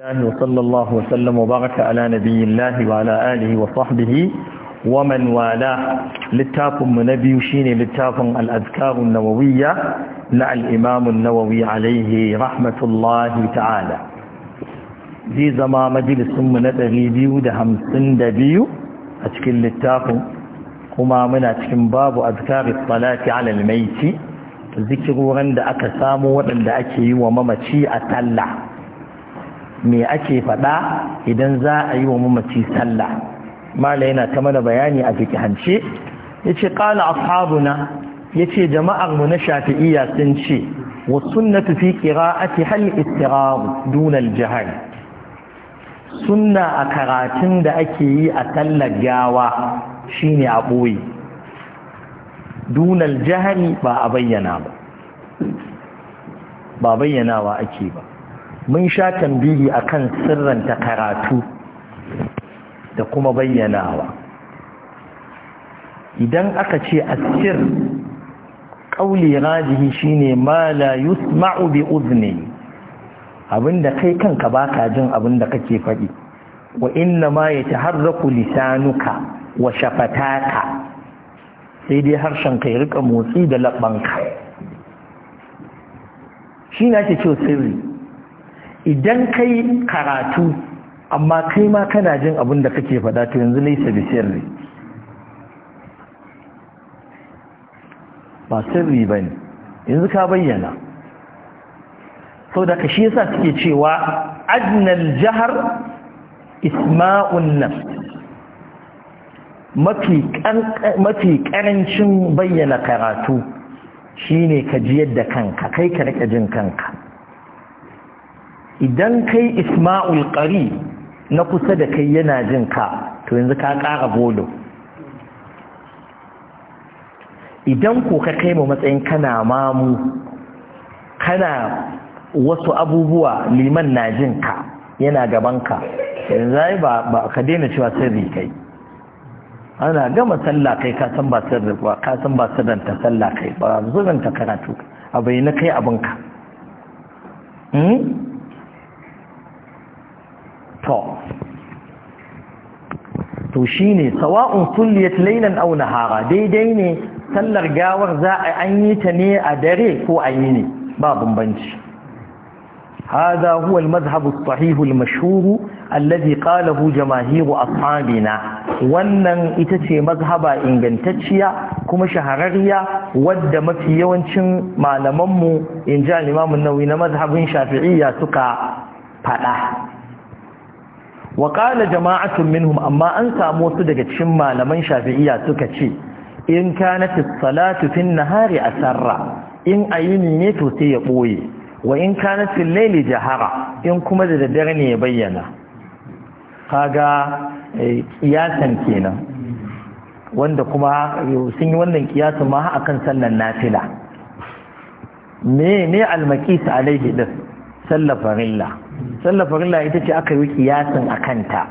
الله وصلى الله وسلم وبارك على نبي الله وعلى آله وصحبه ومن والاه للتاف نبي شيني للتاف الأذكار النووية لا الإمام النووي عليه رحمة الله تعالى دي زما مجلس من تغيبيو ده همسن دبيو أتكل للتاف كما من أتكن باب أذكار الصلاة على الميت ذكر وغند أكسام وغند أكي وممتي أتلع me ake faɗa idan za a yi wa mamaci sallah mala yana ta mana bayani a fikihance ya ce ƙala ashabuna ya ce jama'armu na shafi'iyya sun ce wa sunnatu fi ake hal istirahu dunal jihar sunna a karatun da ake yi a sallar gawa shine a ɓoye dunal jihar ba a bayyana ba ba bayyanawa ake ba mun sha tambihi akan sirranta karatu da kuma bayyanawa idan aka ce sir ƙauli rajihi shine ma la yusma'u bi uzni abinda kai kanka baka jin abinda kake faɗi wa inna ma yataharraku lisanuka wa shafataka sai dai harshen kai rika motsi da Shi shine ake cewa sirri idan kai karatu amma kai ma kana jin abin da kake faɗa to yanzu laisa bi sirri ba sirri bane yanzu ka bayyana sau da ka shi yasa suke cewa adnal jihar isma'un nafs mafi karancin bayyana karatu shine ka ji yadda kanka kai ka rike jin kanka idan kai isma'ul ƙari na kusa da kai yana jin ka to yanzu ka kara bolo idan ko ka kai mu matsayin kana mamu kana wasu abubuwa liman na jin ka yana gaban ka yanzu ai ba ka daina cewa sirri kai ana gama sallah kai ka san ba sirri ba ka san ba sirrin ta sallah kai ba zuwan ta karatu abai na kai abinka hmm? to shine sawa'un kulliyat laylan aw nahara daidai ne sallar gawar za a an yi ta ne a dare ko a yi ne ba bambanci هذا هو المذهب الصحيح المشهور الذي قاله جماهير ashabina wannan ita ce mazhaba ingantacciya kuma shahararriya wadda mafi yawancin malamanmu in ji an nauyi na mazhabin shafi'iyya suka fada wa qala jama'atun minhum amma an samu wasu daga cikin malaman shafi'iyya suka ce in kana fi salatu fi nahari asarra in ayini ne to sai ya boye wa in kana fil layli jahara in kuma da daddare ne ya bayyana kaga eh, kiyasan kenan wanda kuma sun yi wannan kiyasan ma akan sallan nafila me ne almakis alaihi din sallar farilla sallar farilla ita ce aka yi kiyasin a kanta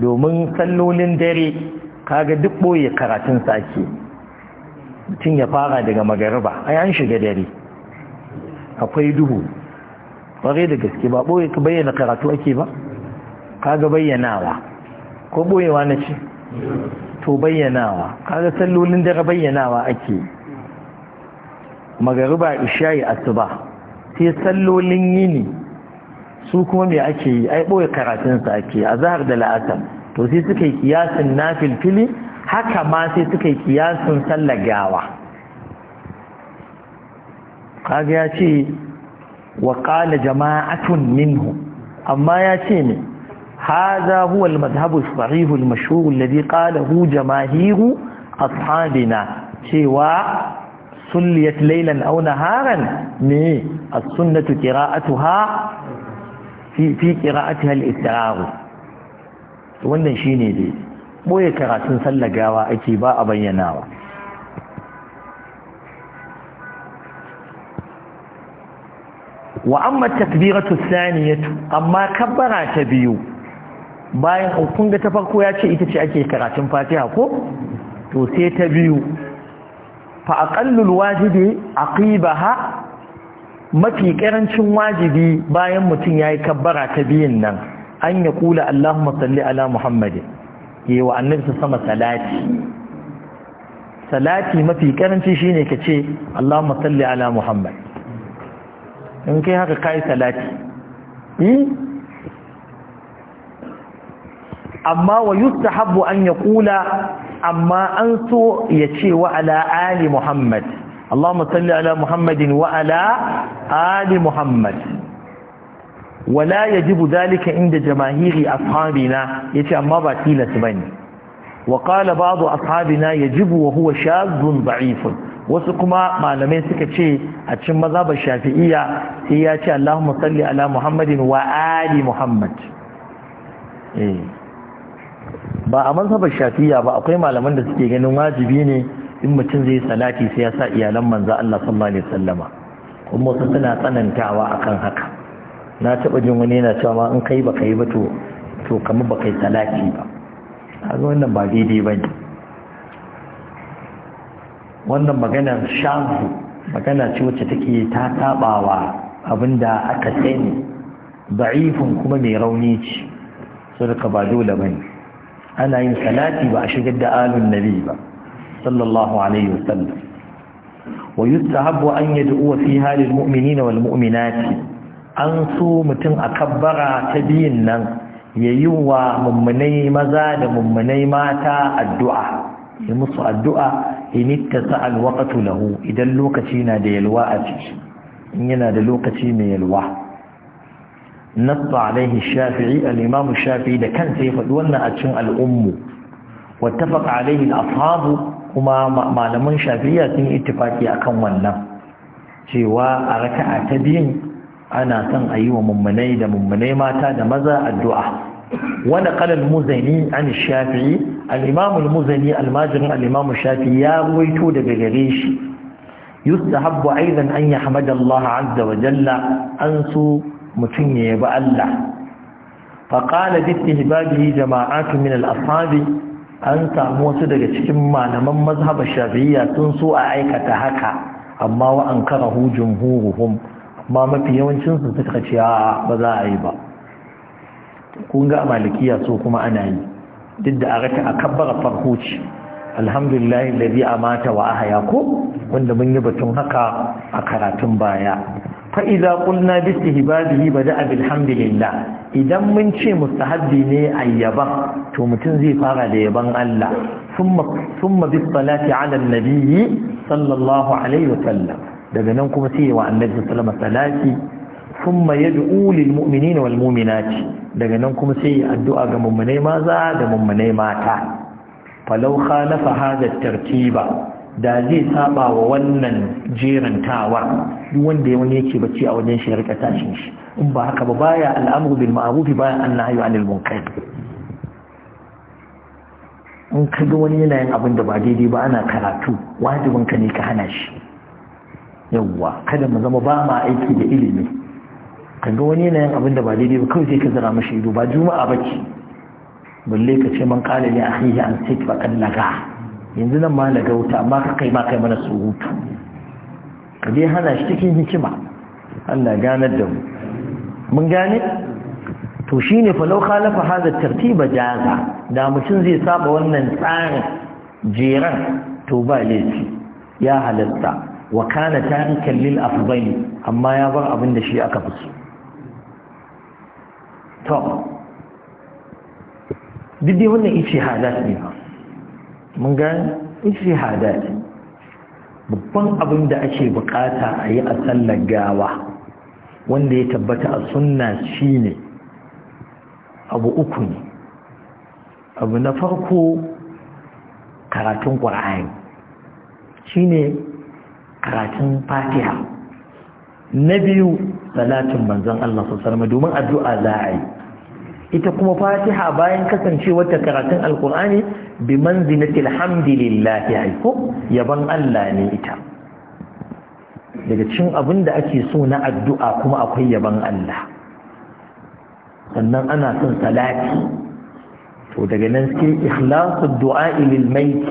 domin sallolin dare kaga duk ɓoye karatun sake mutum ya fara daga magariba ai an shiga dare akwai duhu ƙwarai da gaske ba ɓoye ka bayyana karatu ake ba kaga bayyanawa ko ɓoyewa na ce to bayyanawa kaga sallolin dare bayyanawa ake magariba isha'i asuba sai sallolin yini su kuma mai ake yi ai boye karatun sa ake a zahar da la'asar to sai suka yi kiyasin na fili haka ma sai suka yi kiyasin sallar gawa kaga ya ce wa qala jama'atun minhu amma ya ce ne هذا هو المذهب الصحيح المشهور الذي قاله جماهير أصحابنا cewa sulliyat laylan aw naharan me as-sunnatu qira'atuha fi fi qira'atiha al-israr wannan shine dai boye karatun sallagawa ake ba a bayyanawa wa amma takbiratu thaniyatu amma kabbara ta biyu bayan kun ga ta farko ya ce ita ce ake karatun fatiha ko to sai ta biyu fa aqallul wajibi aqibaha mafi karancin wajibi bayan mutum yayi kabbara ta biyin nan an ya kula Allahumma salli ala Muhammad yi wa annabi sama salati salati mafi karanci shine kace Allahumma salli ala Muhammad in kai haka kai salati amma wa yustahabbu an ya kula amma an so ya ce wa'ala ali muhammad Allahumma salli ala muhammadin wa'ala ali muhammad wala yajibu zalika inda jamahiri ashabina yace amma ba tilas bane wa qala ba'du ashabina yajibu wa huwa shadhun da'ifun wasu kuma malamai suka ce a cikin mazhabar shafi'iyya sai ya ce Allahumma salli ala muhammadin wa ali muhammad eh ba a mazhabar shafiya ba akwai malaman da suke ganin wajibi ne in mutum zai salati sai ya sa iyalan manzo Allah sallallahu alaihi wasallama kuma wasu suna tsanantawa akan haka na taba jin wani yana cewa ma in kai ba kai ba to to kamar ba kai salati ba kaga wannan ba daidai ba ne wannan maganar shafu magana ce wacce take ta tabawa abinda aka sani da'ifun kuma mai rauni ce ka ba dole bane ana yin salati ba a shigar da alun nabi ba sallallahu alaihi wasallam wa yustahabbu an yad'u fi halil mu'minina wal mu'minati an so mutum a kabbara ta biyin nan yayi wa mummunai maza da mummunai mata addu'a ya musu addu'a in tasa'al waqtu lahu idan lokaci na da yalwa a ciki in yana da lokaci mai yalwa nasta alaihi shafi'i al shafi'i da kansa ya faɗi wannan a cikin al'ummu wattafaq alaihi al-ashabu kuma malaman shafi'iyya sun yi ittifaqi akan wannan cewa a raka'a ta biyun ana san ayi wa mummunai da mummunai mata da maza addu'a wanda qala al-muzani an shafi'i al-imam al-muzani al-majri al ya ruwaito daga gare shi yustahabbu aidan an yahmadallaha azza wa jalla an su mutum ya yabi Allah faƙala bitti hibabi jama'atu min al'asabi an samu wasu daga cikin malaman mazhabar shafi'iyya sun so a aikata haka amma wa an kara hujin huruhum amma mafi yawancinsu suka ce ba za a yi ba kun ga malikiya so kuma ana yi duk da a rata a kabbara farko ce alhamdulillah lalzi a mata wa ahaya ko wanda mun yi batun haka a karatun baya fa'iza ƙulna bisa hibadihi ba da alhamdulillah, idan mun ce mustahabbi ne a yaban to mutum zai fara da yaban Allah sun ma bisu salati ala nabiyyi sallallahu alaihi wa sallam daga nan kuma sai wa annabi sallama salati sun ma yad'u lil mu'minina wal mu'minati daga nan kuma sai addu'a ga mummunai maza da mummunai mata falau khalafa hadha tartiba da zai saba wa wannan jerin tawar wanda ya wani yake bacci a wajen shirar ka shi in ba haka ba baya al'amru bil ma'ruf baya nahyu anil munkar in ka ga wani yana yin abin da ba daidai ba ana karatu wajibin ka ne ka hana shi yawwa kada mu zama ba ma aiki da ilimi ka ga wani yana yin abin da ba daidai ba kawai sai ka zira mashi ido ba juma'a ba bace balle ka ce man qala li akhihi an sit faqad laga yanzu nan ma na gauta amma ka kai ma kai mana surutu ka dai hana shi cikin hikima Allah ganar da mu mun gane to shine fa law khalafa hadha tartiba jaza da mutum zai saba wannan tsarin jeran to ba laifi ya halatta wa kana tarikan lil afdali amma ya bar abin da shi aka fi so to duk dai wannan ice hadas ne ba mun ga ishihada babban abin da ake bukata a yi a sallar gawa wanda ya tabbata a sunna shine abu uku ne abu na farko karatun shi shine karatun fatiha na biyu salatin manzon Allah sosai domin addu'a za a yi ita kuma fatiha bayan kasancewar ta karatun alkur'ani bi manzilati alhamdulillah ya ko yaban Allah ne ita daga cikin abin da ake so na addu'a kuma akwai yaban Allah sannan ana son salati to daga nan sai ikhlasu du'a lil mayt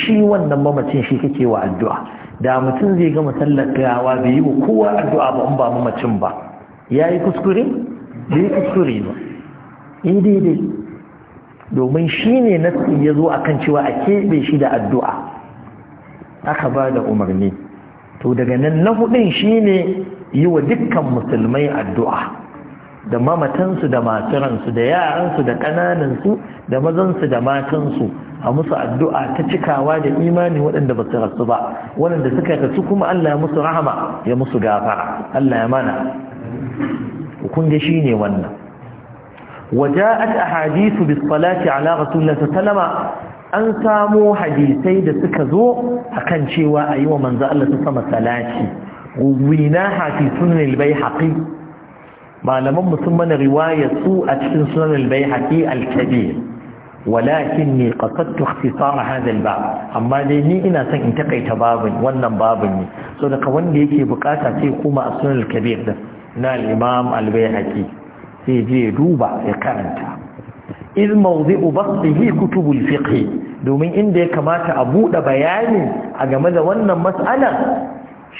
shi wannan mamacin shi kake wa addu'a da mutum zai ga masallar gawa bai yi wa kowa addu'a ba in ba mamacin ba yayi kuskure bai kuskure ba in daidai domin shi ne nasi ya zo a kan cewa a keɓe shi da addu'a aka ba da umarni to daga nan na hudun shi ne yi wa dukkan musulmai addu'a da mamatansu da masuransu da yaransu da ƙananansu da mazansu da matansu a musu addu'a ta cikawa da imani waɗanda ba su rasu ba waɗanda suka rasu kuma Allah ya musu rahama ya musu gafara Allah ya mana kunga shi shine wannan وجاءت أحاديث hadisu على alaƙa الله صلى an samo hadisai da suka zo akan cewa a yi wa manzo Allah su sama salati wina hafi sunan albai haƙi malaman musamman riwaya su a cikin sunan albai haƙi alkabir walakin ne ƙasattu ƙasisar hadal ba amma dai ni ina son in takaita babin wannan babin ne so daga wanda yake bukata sai kuma a sunan alkabir din na imam albayhaqi sai je duba ya karanta iz mawdi'u basihi kutubul fiqh domin inda ya kamata a bude bayani a game da wannan mas'alar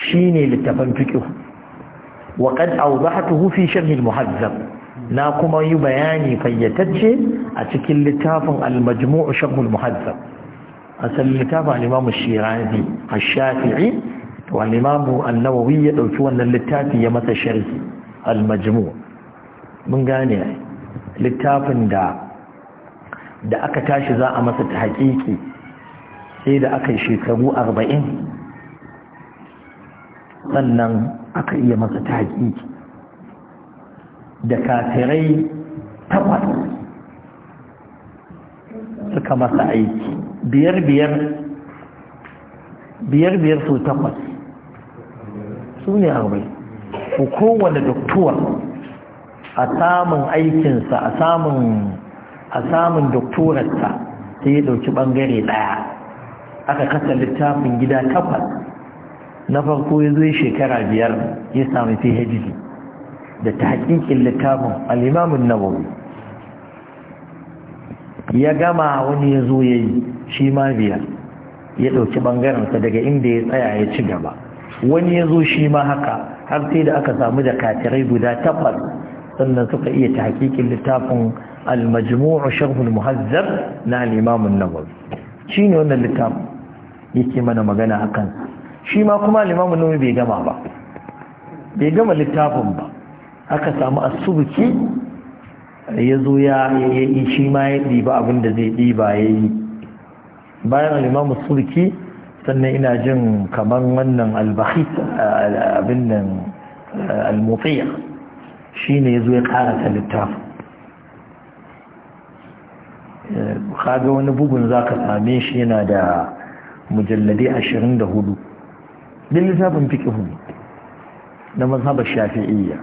shine littafin fiqh wa qad awdahtuhu fi sharh al-muhazzab na kuma yi bayani fayyatacce a cikin littafin al-majmu' sharh al-muhazzab asal littafin al-imam ash-shirazi ash-shafi'i Wani al-imamu ya dauki wannan littafi ya masa sharhi al mun gane littafin da da aka tashi za a masa ta hakiki sai da aka yi shekaru arba'in sannan aka iya masa ta hakiki da kafirai takwas suka masa aiki biyar biyar biyar biyar su takwas su ne arba'in ko kowane doktuwa a samun aikinsa a samun a samun doktorarsa ta yi ɗauki bangare ɗaya aka kasa littafin gida takwas na farko ya zo shekara biyar ya sami phd da ta hakikin littafin na nawawi ya gama wani ya zo ya yi shi ma biyar ya ɗauki ɓangarensa daga inda ya tsaya ya ci gaba wani ya zo shi ma haka har sai da aka samu da katirai guda takwas sannan suka iya ta hakikin littafin al-majmu'u Muhazzar na al-imam shi ne wannan littafin yake mana magana a akan shi ma kuma al-imam bai gama ba bai gama littafin ba aka samu as ya zo ya yi shi ma ya diba abin da zai diba yayi bayan al-imam as-subki sannan ina jin kamar wannan albahit abin nan almutsiyar shi ne ya zo ya karata littafin kaga wani bugun za ka same shi yana da mujalladai ashirin da hudu din littafin fikihu na mazhabar shafi'iyya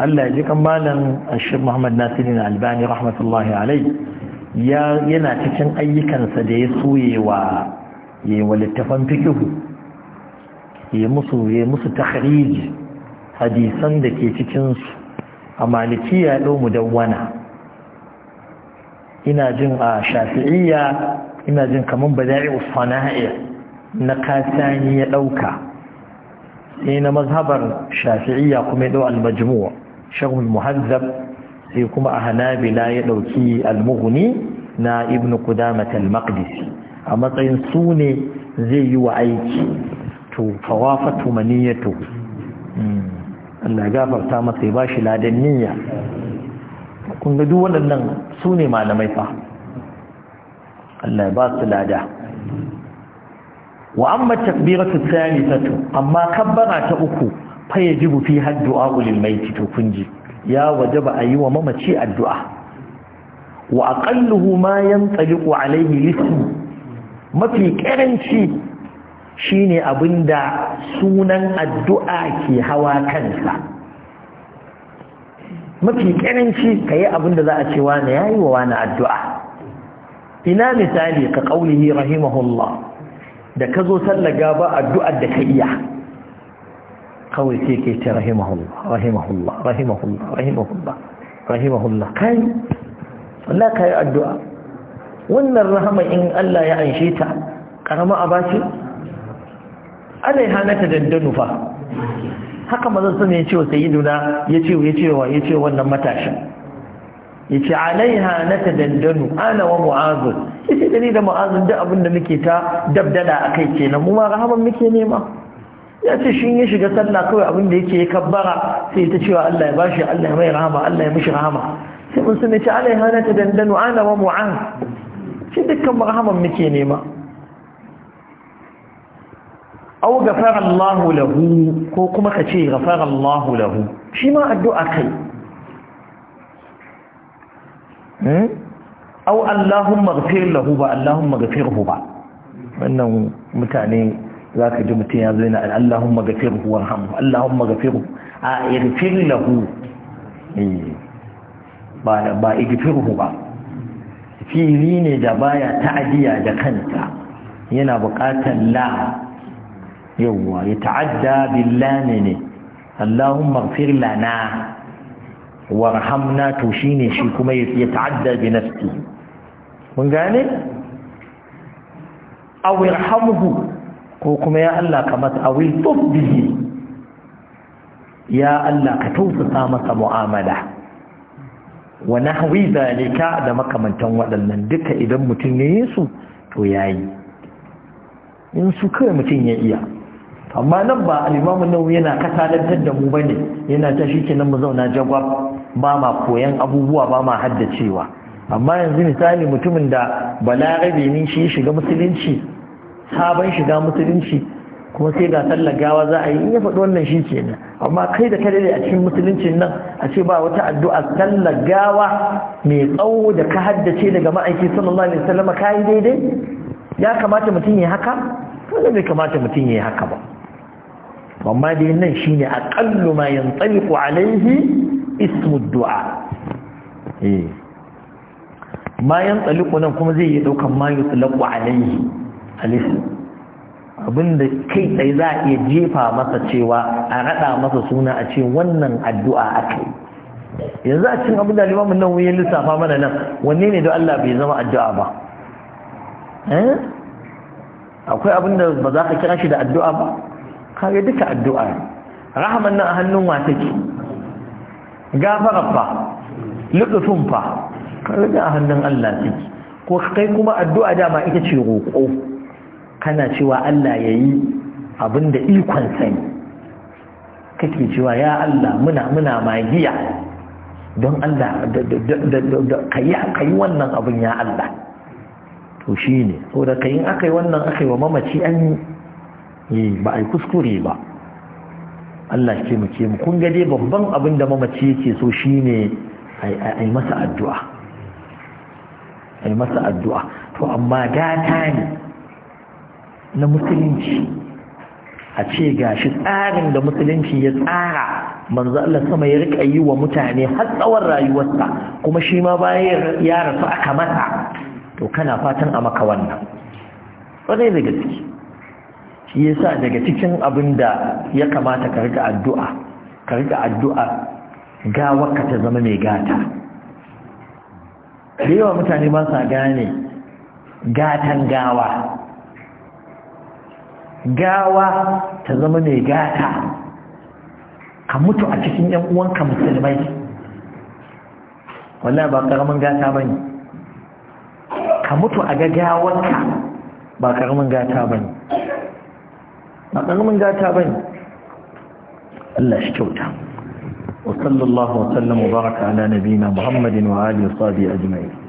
Allah ya ji kammalan ashir Muhammad Nasirin Albani rahmatullahi alai yana cikin ayyukansa da ya soye wa. ya yi walittafan fikihu ya musu musu takhriji hadisan da ke cikinsu a malikiya ɗau mudawwana ina jin a shafi'iyya ina jin kamar bada'i usfana'i na kasani ya ɗauka sai na mazhabar shafi'iyya kuma ya ɗau al shagun muhazzab sai kuma a hanabila ya ɗauki almuhuni na ibnu qudamah maqdisi a matsayin su ne zai yi wa aiki to fawafatu to. Hmm. Allah ya gafarta masa ya bashi ladan niyya kun ga duk waɗannan su ne malamai fa Allah ya ba su lada wa amma takbiratu thalithatu amma kabbara ta uku fa yajibu fi haddu'a lil maiti to kun ji ya wajaba ayi wa mamaci addu'a wa aqalluhu ma yantaliqu alayhi lismu mafi karanci shine abinda sunan addu'a ke hawa kansa mafi karanci ka yi abinda za a ce wani ya yi wa wani addu'a ina misali ka ƙaunihi rahimahullah da ka zo sallaga ba addu'ar da ka iya kawai sai ke ce rahimahullah rahimahullah rahimahullah rahimahullah rahimahullah kai wallah ka yi addu'a wannan rahama in Allah ya anshe ta karama a ce alaiha na ta fa haka mazan sun ya ce wa sayyiduna ya ce ya ce wa yace ce wannan matashin ya ce alaiha na dandano ana wa mu'azun ya ce dani da mu'azun duk abin da muke ta dabdada a kai kenan mu ma rahaman muke nema ya ce shi ya shiga sallah kawai abin da yake kabbara sai ta cewa Allah ya bashi Allah ya mai rahama Allah ya mishi rahama sai mun sun ya ce alaiha na dandano ana wa mu'azun shi dukkan rahaman muke nema aw ghafara Allahu lahu ko kuma kace ghafara Allahu lahu shi ma addu'a kai eh hmm? aw Allahumma ghfir lahu ba Allahumma ghfirhu ba wannan mutane zaka ji mutum yazo yana Allahumma ghfirhu warhamhu Allahumma ghfirhu a yaghfir lahu eh. ba ba igfirhu ba fili ne da baya ta'adiya da kanta yana buƙatar la yawwa ya ta'adda billani ne Allahumma ighfir lana warhamna to shine shi kuma ya ta'adda bi nafsi mun gane aw irhamhu ko kuma ya Allah ka masa aw tubbihi ya Allah ka tausasa masa mu'amala wa nahwi zalika da makamantan waɗannan duka idan mutum ya yi su to ya yi in su kai mutum ya iya amma nan ba al nan yana kasalantar da mu ba ne yana ta shikenan mu zauna jagwab ba ma koyan abubuwa ba ma haddacewa amma yanzu misali mutumin da balarabe ne shi shiga musulunci sabon shiga musulunci kuma sai ga sallar gawa za a yi in ya faɗi wannan shi ke nan amma kai da kada a cikin musuluncin nan a ce ba wata addu'a sallar gawa mai tsawo da ka haddace daga ma'aiki sallallahu alaihi wasallam ka yi daidai ya kamata mutum ya haka kada bai kamata mutum ya haka ba amma dai nan shine aqallu ma yantaliqu alaihi ismu du'a eh ma nan kuma zai yi daukan ma yutlaqu alaihi alaihi abinda kai tsaye za a iya jefa masa cewa a raɗa masa suna a ce wannan addu'a aka yi yanzu a cin abin da limamin nan wuyan lissafa mana nan wanne ne da Allah bai zama addu'a ba eh? akwai abinda ba za ka kira shi da addu'a ba kare duka addu'a rahaman nan a hannun wa take gafarar fa lutufin fa kare a hannun Allah take ko kai kuma addu'a dama ita ce roƙo kana cewa Allah ya yi abin da ikon sani kake cewa ya Allah muna muna magiya don Allah ka yi wannan abin ya Allah to shi ne saboda ka yi aka yi wannan aka yi wa mamaci an yi eh, ba a yi kuskure ba Allah ke mu ke mu kun gade babban abin da mamaci yake so shi ne a yi masa addu'a a yi masa addu'a to amma gata ne na musulunci a ce gashi tsarin da musulunci ya tsara manzo Allah sama ya rika yi wa mutane har tsawon rayuwarsa kuma shi ma bayan ya rasu aka masa to kana fatan a maka wannan wani daga ciki shi yasa daga cikin abin da ya kamata ka rika addu'a ka rika addu'a gawarka ta zama mai gata da yawa mutane ba sa gane gatan gawa gawa ta zama mai gata ka mutu a cikin yan uwanka musulmai wannan ba karamin gata bane ka mutu a gagawarka ba karamin gata bane ba karamin gata bane Allah shi kyauta wa sallallahu wa sallam wa baraka ala nabina muhammadin wa alihi wa sahbihi ajma'in